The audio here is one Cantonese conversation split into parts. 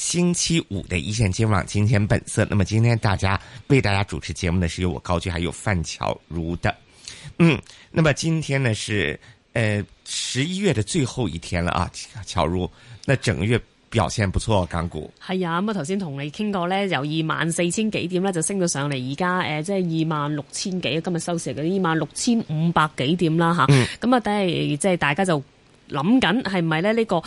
星期五的一線金網金錢本色，那麼今天大家為大家主持節目呢，是由我高居，還有范巧如的，嗯，那麼今天呢是呃十一月的最後一天了啊，巧如，那整個月表現不錯，啊，港股。係啊，咁啊頭先同你傾過呢，由二萬四千幾點呢，就升到上嚟，而家誒即係二萬六千幾，今日收市嗰二萬六千五百幾點啦吓，咁，嗯，啊，但係即係大家就。諗緊係咪咧呢個誒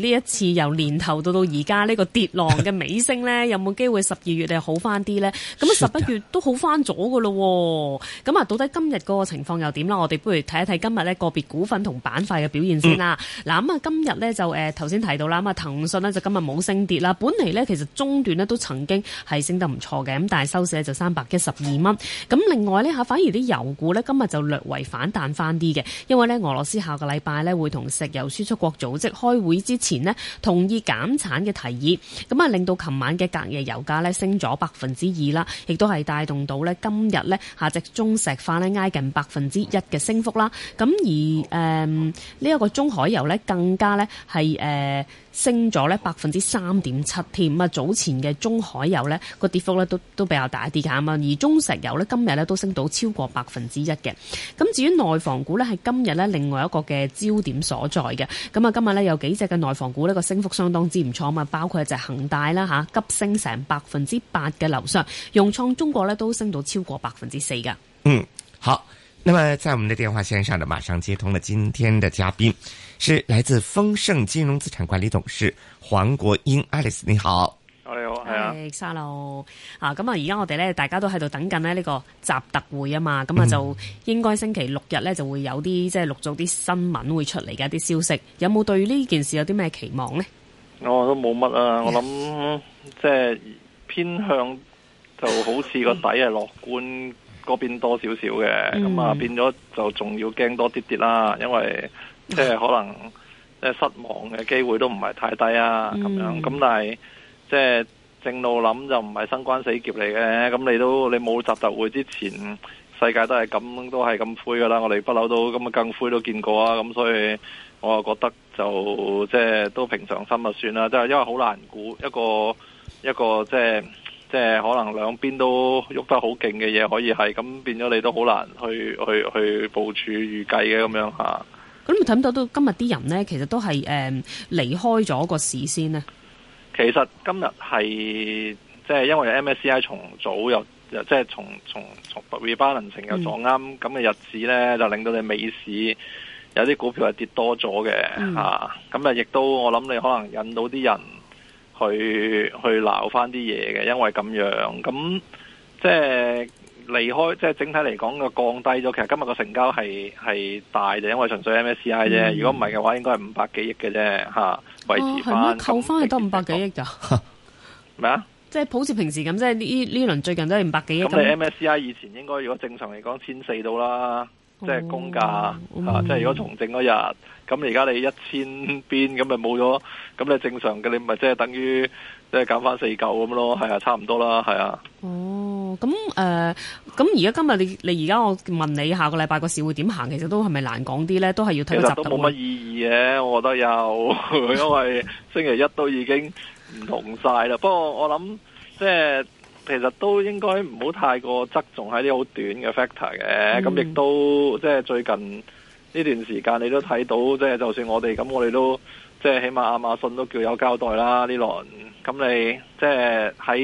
呢一次由年頭到到而家呢個跌浪嘅尾聲呢， 有冇機會十二月你好翻啲呢？咁啊十一月都好翻咗㗎咯喎，咁啊到底今日嗰個情況又點啦？我哋不如睇一睇今日呢個別股份同板塊嘅表現先啦。嗱、嗯，咁啊今日呢就頭先、呃、提到啦，咁啊騰訊呢就今日冇升跌啦，本嚟呢其實中段呢都曾經係升得唔錯嘅，咁但係收市呢就三百一十二蚊。咁另外呢，反而啲油股呢今日就略為反彈翻啲嘅，因為呢俄羅斯下個禮拜呢會同石油輸出國組織開會之前呢，同意減產嘅提議，咁啊令到琴晚嘅隔夜油價呢升咗百分之二啦，亦都係帶動到呢今日呢下隻中石化呢挨近百分之一嘅升幅啦。咁而誒呢一個中海油呢，更加呢係誒升咗呢百分之三點七添。啊早前嘅中海油呢個跌幅呢都都比較大啲㗎嘛，而中石油呢今日呢都升到超過百分之一嘅。咁至於內房股呢，係今日呢另外一個嘅焦點。所在嘅咁啊，今日呢，有幾隻嘅內房股呢個升幅相當之唔錯啊嘛，包括就係恒大啦，吓，急升成百分之八嘅樓上，融創中國呢都升到超過百分之四噶。嗯，好，那麼在我們的電話線上呢，馬上接通了今天的嘉賓，是來自豐盛金融資產管理董事黃國英，Alice 你好。你好，係啊，Hello 啊，咁啊，而家我哋咧，大家都喺度等緊咧呢個習特會啊嘛，咁、mm、啊 -hmm. 就應該星期六日咧就會有啲即係陸續啲新聞會出嚟嘅，啲消息有冇對呢件事有啲咩期望呢？我、哦、都冇乜啊，yeah. 我諗即係偏向就好似個底係樂觀嗰邊多少少嘅，咁、mm -hmm. 啊變咗就仲要驚多啲啲啦，因為即係、就是、可能即係 失望嘅機會都唔係太低啊，咁、mm -hmm. 樣咁但係。即係正路諗就唔係生關死劫嚟嘅，咁你都你冇集集會之前，世界都係咁，都係咁灰噶啦。我哋不嬲都咁嘅更灰都見過啊。咁所以我又覺得就即係都平常心就算啦。即係因為好難估一個一個即係即係可能兩邊都喐得好勁嘅嘢，可以係咁變咗，你都好難去去去部署預計嘅咁樣吓。咁你睇唔睇到今日啲人呢？其實都係誒離開咗個市先咧。其實今日係即係因為 MSCI 重組又，即係，從從從又即係從從從 rebalance 成又撞啱咁嘅日子咧，就令到你美市有啲股票係跌多咗嘅嚇，咁，嗯、啊亦都我諗你可能引到啲人去去鬧翻啲嘢嘅，因為咁樣咁即係。離開即係整體嚟講個降低咗，其實今日個成交係係大嘅，因為純粹 MSCI 啫，嗯。如果唔係嘅話，應該係五百幾億嘅啫，吓，啊，維持翻。扣翻係多五百幾億咋？咩 啊？ 即係好似平時咁，即係呢呢輪最近都係五百幾億。咁你 MSCI 以前應該如果正常嚟講，千四度啦，即係公價吓，嗯啊。即係如果重整嗰日，咁你而家你一千邊咁咪冇咗？咁你正常嘅你咪即係等於即係減翻四舊咁咯？係啊，差唔多啦，係啊。哦，嗯。咁、哦、誒，咁而家今日你你而家我問你下個禮拜個市會點行，其實都係咪難講啲咧？都係要睇個質素。都冇乜意義嘅，我覺得又， 因為星期一都已經唔同晒啦。不過我諗即係其實都應該唔好太過側重喺啲好短嘅 factor 嘅。咁、嗯、亦都即係最近。呢段時間你都睇到，即係就算我哋咁，我哋都即係起碼亞馬遜都叫有交代啦，呢輪。咁你即係喺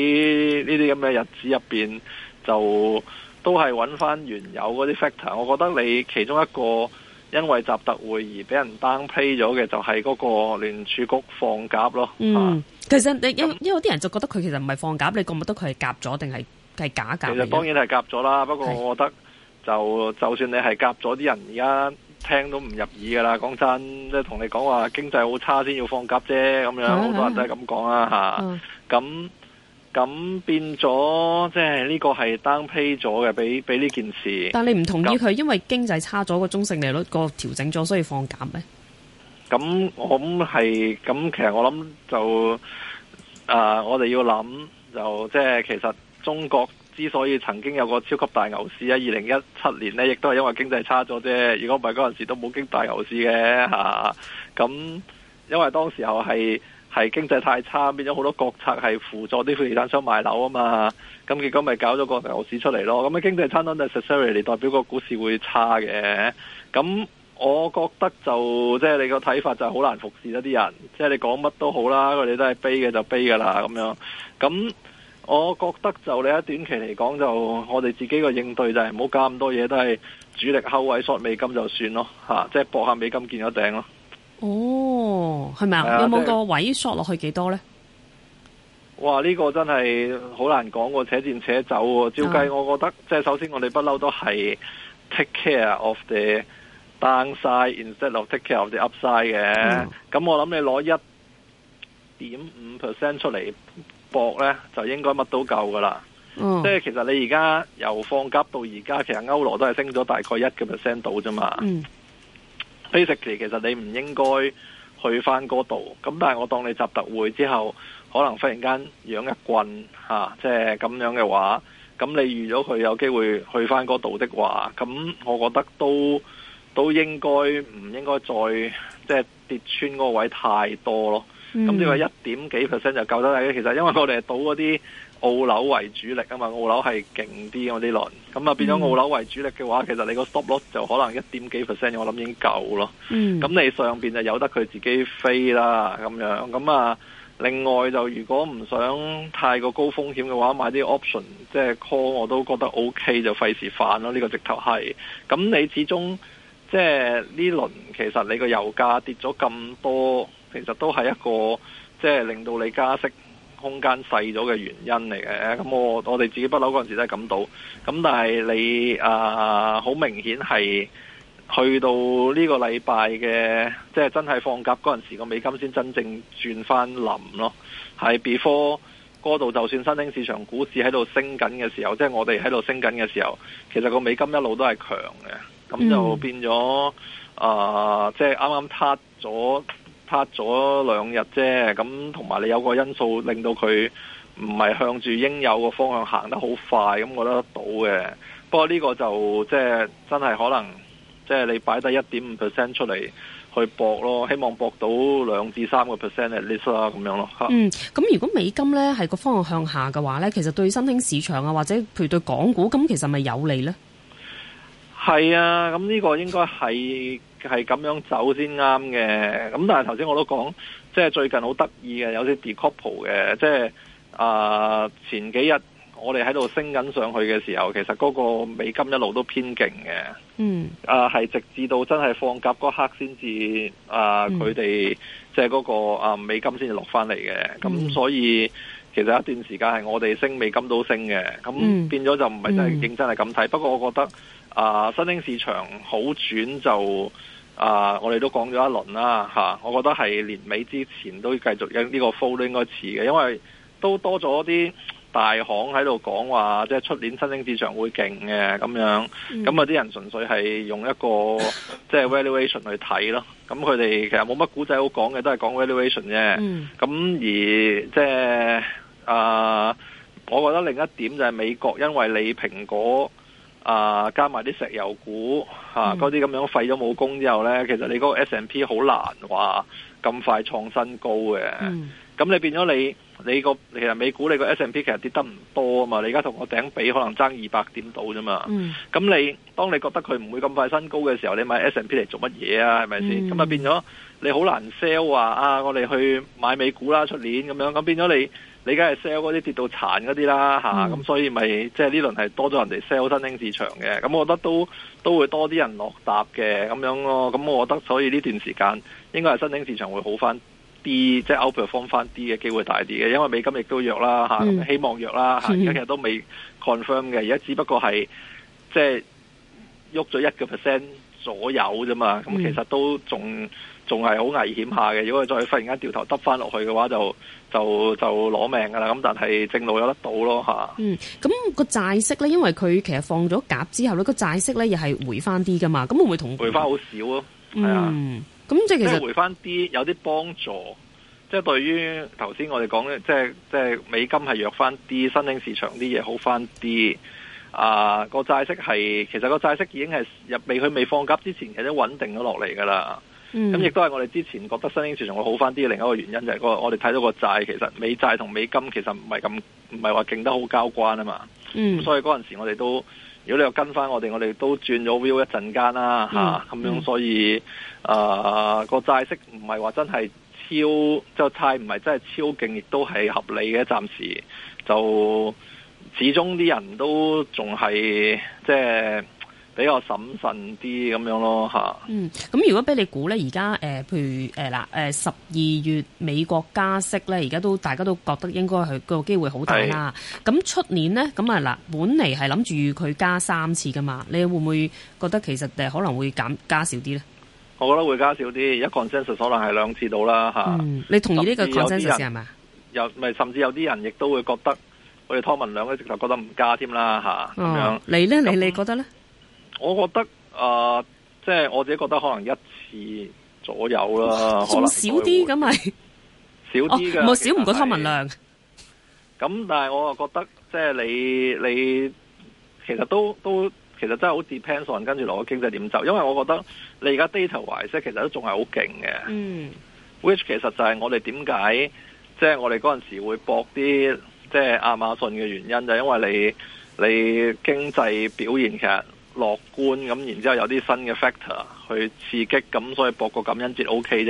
呢啲咁嘅日子入邊就都係揾翻原有嗰啲 factor。我覺得你其中一個因為習特會而俾人 downplay 咗嘅，就係、是、嗰個聯儲局放鴿咯。嗯、啊，其實你因因為啲人就覺得佢其實唔係放鴿，你覺唔覺得佢係鴿咗定係係假鴿？其實當然係鴿咗啦，不過我覺得就就算你係鴿咗啲人，而家。聽都唔入耳噶啦，講真，即係同你講話經濟好差先要放鴿啫，咁樣好、啊、多人都係咁講啦吓。咁、啊、咁、啊嗯、變咗，即係呢個係單批咗嘅，俾俾呢件事。但你唔同意佢，因為經濟差咗個中性利率個調整咗，所以放鴿咩？咁我諗係，咁其實我諗就，誒、呃，我哋要諗就即係、就是，其實中國。之所以曾經有個超級大牛市啊，二零一七年呢亦都係因為經濟差咗啫。如果唔係嗰陣時都冇經大牛市嘅咁、啊、因為當時候係經濟太差，變咗好多國策係輔助啲地產商買樓啊嘛。咁、啊、結果咪搞咗個牛市出嚟咯。咁、啊、經濟差到 necessary，代表個股市會差嘅。咁、啊、我覺得就即係、就是、你個睇法就係好難服侍一啲人。即、就、係、是、你講乜都好啦，佢哋都係悲嘅就悲噶啦咁樣。咁、啊我覺得就你喺短期嚟講，就我哋自己嘅應對就係唔好加咁多嘢，都係主力後位索美金就算咯，吓，即係博下美金見咗頂咯。哦，係咪啊？有冇個位索落去幾多呢、就是？哇！呢、這個真係好難講喎，且戰且走喎。照計，我覺得即係、啊就是、首先我哋不嬲都係 take care of the downside instead of take care of the upside 嘅。咁、嗯、我諗你攞一點五 percent 出嚟。博呢，就應該乜都夠噶啦，oh. 即係其實你而家由放鴿到而家，其實歐羅都係升咗大概一個 percent 度啫嘛。Mm. Basically，其實你唔應該去返嗰度，咁但係我當你集特會之後，可能忽然間養一棍嚇，即係咁樣嘅話，咁你預咗佢有機會去返嗰度的話，咁我覺得都都應該唔應該再即係、就是、跌穿嗰位太多咯。咁你話一點幾 percent 就夠得啦。其實因為我哋係賭嗰啲澳樓為主力啊嘛，澳樓係勁啲我呢輪，咁啊變咗澳樓為主力嘅話，嗯，其實你個 stop loss 就可能一點幾 percent，我諗已經夠咯。咁，嗯、你上邊就由得佢自己飛啦，咁樣咁啊。另外就如果唔想太過高風險嘅話，買啲 option 即係 call，我都覺得 O、OK, K，就費事犯咯。呢、這個直頭係。咁你始終即係呢輪，輪其實你個油價跌咗咁多。其實都係一個即係、就是、令到你加息空間細咗嘅原因嚟嘅。咁我我哋自己不嬲嗰陣時都係咁到。咁但係你啊，好、呃、明顯係去到呢個禮拜嘅，即、就、係、是、真係放鴿嗰陣時，個美金先真正轉翻臨咯。係 before 嗰度，就算新興市場股市喺度升緊嘅時候，即、就、係、是、我哋喺度升緊嘅時候，其實個美金一路都係強嘅。咁就變咗啊，即係啱啱撻咗。呃就是剛剛拍咗兩日啫，咁同埋你有個因素令到佢唔係向住應有個方向行得好快，咁我覺得到嘅。不過呢個就即係真係可能，即係你擺低一點五 percent 出嚟去搏咯，希望搏到兩至三個 percent at least 啦，咁樣咯。嗯，咁如果美金咧係個方向向下嘅話咧，其實對新興市場啊或者譬如對港股，咁其實咪有利咧？係啊，咁呢個應該係係咁樣走先啱嘅。咁但係頭先我都講，即係最近好得意嘅，有啲 decouple 嘅，即係啊、呃、前幾日我哋喺度升緊上去嘅時候，其實嗰個美金一路都偏勁嘅。嗯啊，係、呃、直至到真係放鴿嗰刻先至啊，佢哋即係嗰個啊、呃、美金先至落翻嚟嘅。咁、嗯、所以其實一段時間係我哋升美金都升嘅。咁變咗就唔係就係認真係咁睇。不過我覺得。啊，新興市場好轉就啊，我哋都講咗一輪啦吓，我覺得係年尾之前都繼續呢個 fall 應該遲嘅，因為都多咗啲大行喺度講話，即係出年新興市場會勁嘅咁樣，咁啊啲人純粹係用一個即係、就是、valuation 去睇咯，咁佢哋其實冇乜古仔好講嘅，都係講 valuation 啫。咁、嗯、而即係、就是、啊，我覺得另一點就係美國，因為你蘋果。啊，加埋啲石油股嚇，嗰啲咁樣廢咗武功之後呢，其實你嗰個 S&P 好難話咁快創新高嘅。咁、嗯、你變咗你你個其實美股你個 S&P 其實跌得唔多啊嘛，你而家同個頂比可能爭二百點到啫嘛。咁、嗯、你當你覺得佢唔會咁快新高嘅時候，你買 S&P 嚟做乜嘢啊？係咪先？咁、嗯、啊變咗你好難 sell 話啊，我哋去買美股啦，出年咁樣咁變咗你。你梗係 sell 嗰啲跌到殘嗰啲啦。咁，所以咪即係呢輪係多咗人哋 sell 新興市場嘅，咁我覺得都都會多啲人落搭嘅咁樣咯。咁我覺得所以呢段時間應該係新興市場會好翻啲，即係 outperform 翻啲嘅機會大啲嘅，因為美金亦都弱啦、啊、希望弱啦嚇，而家其實都未 confirm 嘅，而家只不過係即係喐咗一個 percent 左右啫嘛，咁、嗯啊、其實都仲。仲係好危險下嘅，如果佢再忽然間掉頭得翻落去嘅話就，就就就攞命噶啦。咁但係正路有得到咯吓。嗯，咁個債息咧，因為佢其實放咗鴿之後咧，個債息咧又係回翻啲噶嘛。咁會唔會同回翻好少咯？係啊。咁即係其實回翻啲，有啲幫助。即係對於頭先我哋講嘅，即係即係美金係弱翻啲，新興市場啲嘢好翻啲。啊，個債息係其實個債息已經係入未，佢未放鴿之前其實穩定咗落嚟噶啦。咁、嗯、亦都係我哋之前覺得新興市場會好翻啲嘅另一個原因，就係個我哋睇到個債，其實美債同美金其實唔係咁，唔係話勁得好交關啊嘛。咁、嗯、所以嗰陣時我哋都，如果你又跟翻我哋，我哋都轉咗 view 一陣間啦咁樣、嗯啊、所以啊、嗯呃個債息唔係話真係超就債唔係真係超勁，亦都係合理嘅。暫時就始終啲人都仲係即係比較審慎啲咁樣咯，吓。嗯，咁如果俾你估咧，而家誒，譬如誒嗱，誒十二月美國加息咧，而家都大家都覺得應該係個機會好大啦。咁出年咧，咁啊嗱，本嚟係諗住佢加三次噶嘛，你會唔會覺得其實誒、呃、可能會減加少啲咧？我覺得會加少啲，而家 consensus 可能係兩次到啦，吓、啊嗯。你同意呢個 consensus 係咪？有，咪甚至有啲人亦都會覺得，我哋湯文亮一直就覺得唔加添啦，吓、啊。咁、哦、樣，你咧，你你覺得咧？我覺得啊、呃，即係我自己覺得可能一次左右啦，少可能少啲咁咪少啲嘅。哦，少唔、哦、過他文量咁，但係我又覺得即係你你其實都都其實真係好 depends on 跟住落個經濟點走。因為我覺得你而家 data wise 其實都仲係好勁嘅。嗯，which 其實就係我哋點解即係我哋嗰陣時會博啲即係亞馬遜嘅原因就係因為你你經濟表現其實。樂觀咁，然之後有啲新嘅 factor 去刺激，咁所以博個感恩節 O K 啫。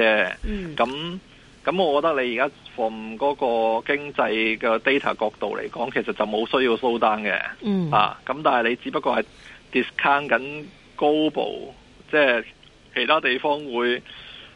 咁、OK、咁，嗯、我覺得你而家從嗰個經濟嘅 data 角度嚟講，其實就冇需要 slow down 嘅。啊，咁但係你只不過係 discount 緊 global，即、就、係、是、其他地方會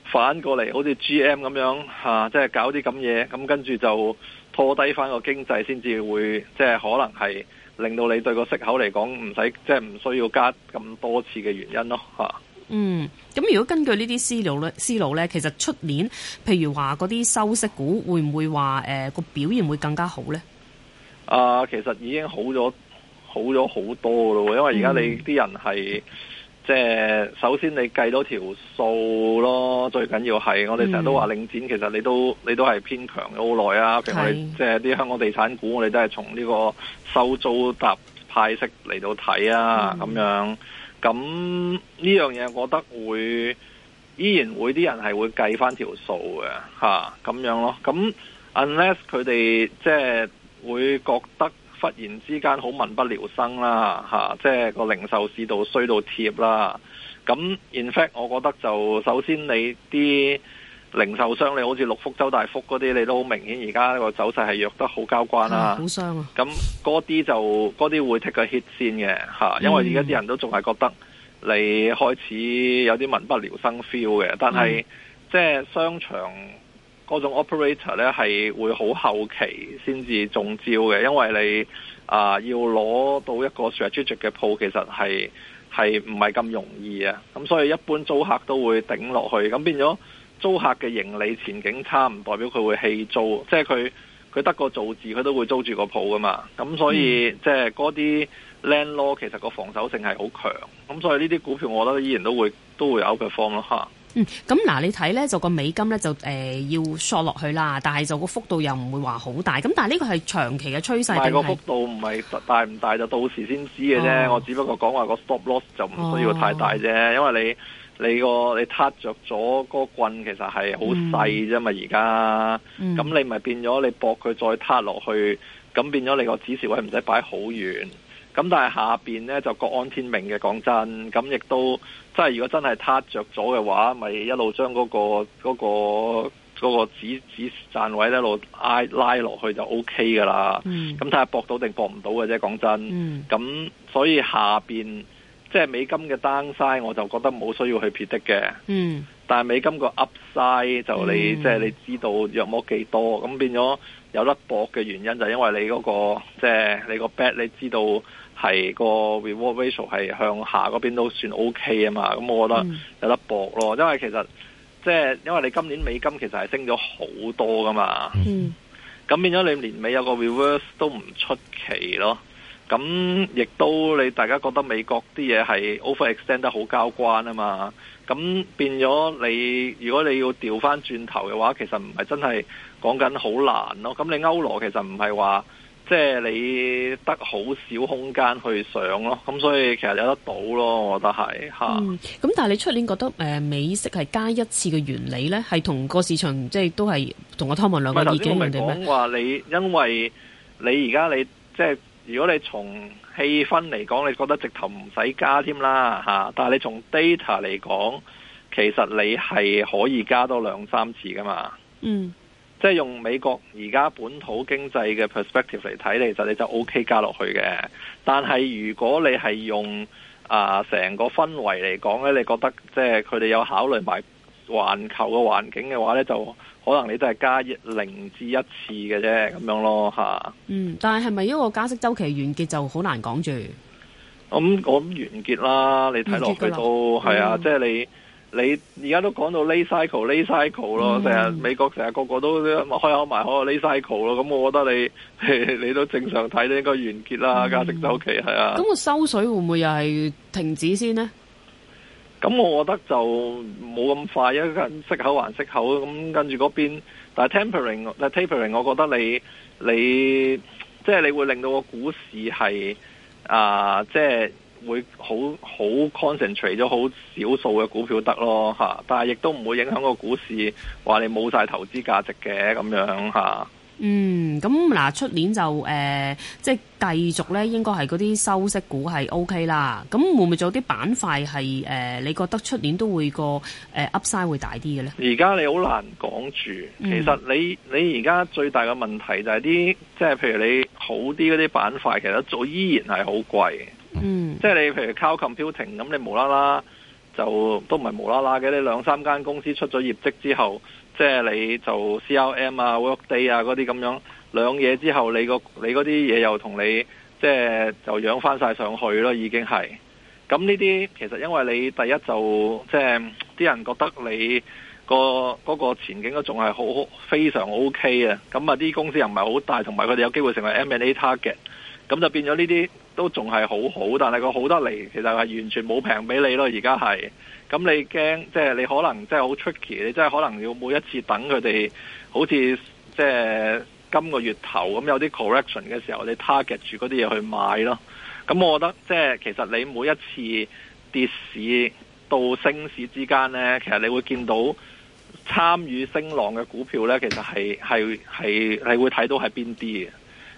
反過嚟，好似 G M 咁樣嚇，即、啊、係、就是、搞啲咁嘢，咁跟住就拖低翻個經濟才，先至會即係可能係。令到你對個息口嚟講唔使即係唔需要加咁多次嘅原因咯嚇。嗯，咁如果根據呢啲思路咧，思路咧，其實出年譬如話嗰啲收息股會唔會話誒個表現會更加好咧？啊、呃，其實已經好咗好咗好多咯，因為而家你啲人係。嗯即係首先你計多條數咯，最緊要係我哋成日都話領展，其實你都你都係偏強咗好耐啊。譬如我哋即係啲香港地產股，我哋都係從呢個收租搭派息嚟到睇啊，咁樣。咁呢樣嘢，我覺得會依然會啲人係會計翻條數嘅嚇，咁樣咯。咁 unless 佢哋即係會覺得。忽然之間好民不聊生啦、吓，即係個零售市道衰到貼啦。咁 in fact，我覺得就首先你啲零售商，你好似六福、周大福嗰啲，你都好明顯而家呢個走勢係弱得好交關啦。咁嗰啲就嗰啲會 take 個 hit 先嘅、吓嗯、因為而家啲人都仲係覺得你開始有啲民不聊生 feel 嘅，但係、嗯、即係商場。嗰種 operator 咧，係會好後期先至中招嘅，因為你啊、呃、要攞到一個 strategic 嘅鋪，其實係係唔係咁容易啊？咁所以一般租客都會頂落去，咁變咗租客嘅盈利前景差，唔代表佢會棄租，即係佢佢得個造字，佢都會租住個鋪噶嘛。咁所以即係嗰啲 landlord 其實個防守性係好強，咁所以呢啲股票我覺得依然都會都會 outperform 咯嚇。嗯，咁嗱，你睇咧就個美金咧就誒、呃、要索落去啦，但係就個幅度又唔會話好大。咁但係呢個係長期嘅趨勢，定係幅度唔係大唔大就到時先知嘅啫、哦。我只不過講話個 stop loss 就唔需要太大啫、哦，因為你你、個你撻著咗個棍其實係好細啫嘛。而家咁你咪變咗你博佢再撻落去，咁變咗你個指示位唔使擺好遠。咁但係下邊咧就各安天命嘅，講真，咁亦都即係如果真係撻着咗嘅話，咪一路將嗰、那個嗰、那個嗰、那個指指站位一路拉落去就 O K 噶啦。咁睇下博到定博唔到嘅啫，講真。咁、嗯、所以下邊即係美金嘅 down side 我就覺得冇需要去撇的嘅、嗯。但係美金個 up side 就你即係、嗯就是、你知道約莫幾多，咁變咗有得博嘅原因就是、因為你嗰、那個即係、就是、你個 bet 你知道。係、個 reward ratio 係向下嗰邊都算 OK 啊嘛，咁我覺得有得搏咯，嗯、因為其實即係、就是、因為你今年美金其實係升咗好多噶嘛，咁、嗯、變咗你年尾有個 reverse 都唔出奇咯。咁亦都你大家覺得美國啲嘢係 overextend 得好交關啊嘛，咁變咗你如果你要調翻轉頭嘅話，其實唔係真係講緊好難咯。咁你歐羅其實唔係話。即係你得好少空間去上咯，咁所以其實有得到咯，我覺得係嚇。咁、啊嗯、但係你出年覺得誒美息係加一次嘅原理呢，係同個市場即係都係同個湯文亮嘅意見唔同嘅咩？頭先唔係講話你因為你而家你即係、就是、如果你從氣氛嚟講，你覺得直頭唔使加添啦嚇，但係你從 data 嚟講，其實你係可以加多兩三次噶嘛。嗯。即係用美國而家本土經濟嘅 perspective 嚟睇，其實你就 OK 加落去嘅。但係如果你係用啊成、呃、個氛圍嚟講咧，你覺得即係佢哋有考慮埋環球嘅環境嘅話咧，就可能你都係加一零至一次嘅啫咁樣咯嚇。嗯，但係係咪一個加息週期完結就好難、嗯、講住？咁我完結啦，你睇落去都係啊，嗯、即係你。你而家都講到 late cycle，late cycle 咯 cycle，嗯，成日美國成日個個都開口埋口 late cycle 咯，咁我覺得你你，你都正常睇，你應該完結啦，嗯，價值周期係啊。咁、嗯、個收水會唔會又係停止先呢？咁我覺得就冇咁快，一跟息口還息口，咁跟住嗰邊，但係 tapering，但係 tapering，我覺得你你即係、就是、你會令到個股市係啊，即、呃、係。就是會好好 concentrate 咗好少數嘅股票得咯，但係亦都唔會影響個股市話你冇晒投資價值嘅咁樣，嗯，咁嗱出年就即係、呃就是、繼續咧，應該係嗰啲收息股係 O K 啦。咁會唔會仲有啲板塊係、呃、你覺得出年都會、個、呃、upside 會大啲嘅咧？而家你好難講住，其實你你而家最大嘅問題就係啲即係譬如你好啲嗰啲板塊，其實做依然係好貴。嗯，即係你譬如 cloud computing，咁你無啦啦就都唔係無啦啦嘅，你兩三間公司出咗業績之後，即係你就 CRM 啊、Workday 啊嗰啲咁樣兩嘢之後你，你個你嗰啲嘢又同你即係就養翻晒上去咯，已經係。咁呢啲其實因為你第一就即係啲人覺得你個嗰個前景都仲係好非常 OK 啊。咁啊啲公司又唔係好大，同埋佢哋有機會成為 M and A target。咁就變咗呢啲都仲係好好，但係佢好得嚟，其實係完全冇平俾你咯。而家係咁，你驚即係你可能即係好 tricky，你即係可能要每一次等佢哋好似即係今個月頭咁有啲 correction 嘅時候，你 target 住嗰啲嘢去買咯。咁我覺得即係、即係、其實你每一次跌市到升市之間呢，其實你會見到參與升浪嘅股票呢，其實係係係係你會睇到係邊啲嘅。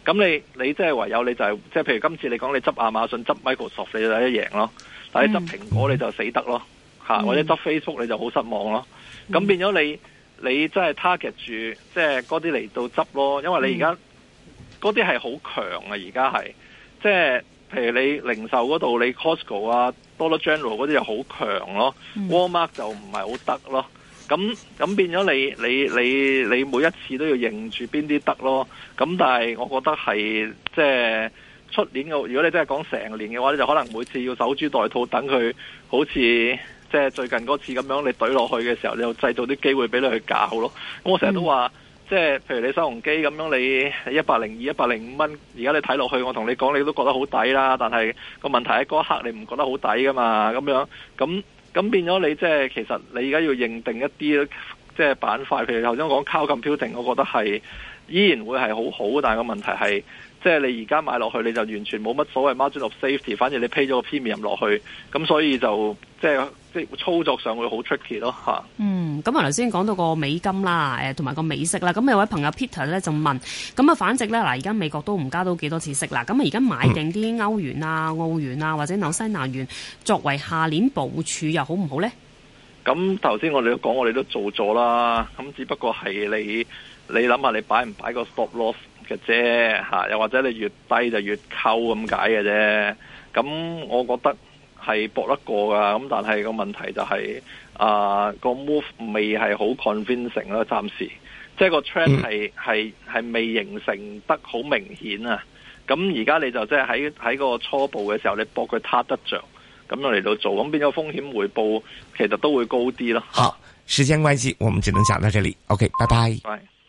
咁你你即係唯有你就係即係譬如今次你講，你執亞馬遜執 Microsoft 你就第一贏咯，但係你執蘋果你就死得咯吓、嗯，或者執 Facebook 你就好失望咯。咁、嗯、變咗你你真係 target 住即係嗰啲嚟到執咯，因為你而家嗰啲係好強啊，而家係即係譬如你零售嗰度你 Costco 啊、Dollar General 嗰啲、嗯、又好強咯 Walmart 就唔係好得咯。咁咁變咗你你你你每一次都要認住邊啲得咯，咁但係我覺得係即係出年嘅，如果你真係講成年嘅話，你就可能每次要守株待兔，等佢好似即係最近嗰次咁樣，你對落去嘅時候，你又製造啲機會俾你去搞好咯。咁我成日都話，嗯、即係譬如你收紅機咁樣你102，你一百零二、一百零五蚊，而家你睇落去，我同你講，你都覺得好抵啦。但係個問題喺嗰一刻，你唔覺得好抵噶嘛？咁樣咁。咁變咗你即係其實你而家要認定一啲即係板塊，譬如頭先講 Core Computing，我覺得係依然會係好好，但係個問題係。即係你而家買落去，你就完全冇乜所謂 margin of safety，反而你 pay 咗個 premium 入落去，咁所以就即係即係操作上會好 tricky 咯，吓。嗯，咁頭先講到個美金啦，誒、呃，同埋個美息啦，咁有位朋友 Peter 咧就問，咁啊反正咧，嗱而家美國都唔加到幾多次息啦，啦咁而家買定啲歐元啊、澳元啊或者紐西蘭元作為下年部署又好唔好咧？咁頭先我哋都講，我哋都做咗啦，咁只不過係你你諗下，你擺唔擺個 stop loss？嘅啫，吓又或者你越低就越溝咁解嘅啫。咁我覺得係搏得過噶，咁但係個問題就係啊個 move 未係好 convincing 啦，暫時 convince, 即係個 trend 係係係未形成得好明顯啊。咁而家你就即係喺喺個初步嘅時候，你搏佢踏得着咁嚟到做，咁變咗風險回報其實都會高啲啦。好，時間關係，我們只能講到這裡。OK，拜拜。拜拜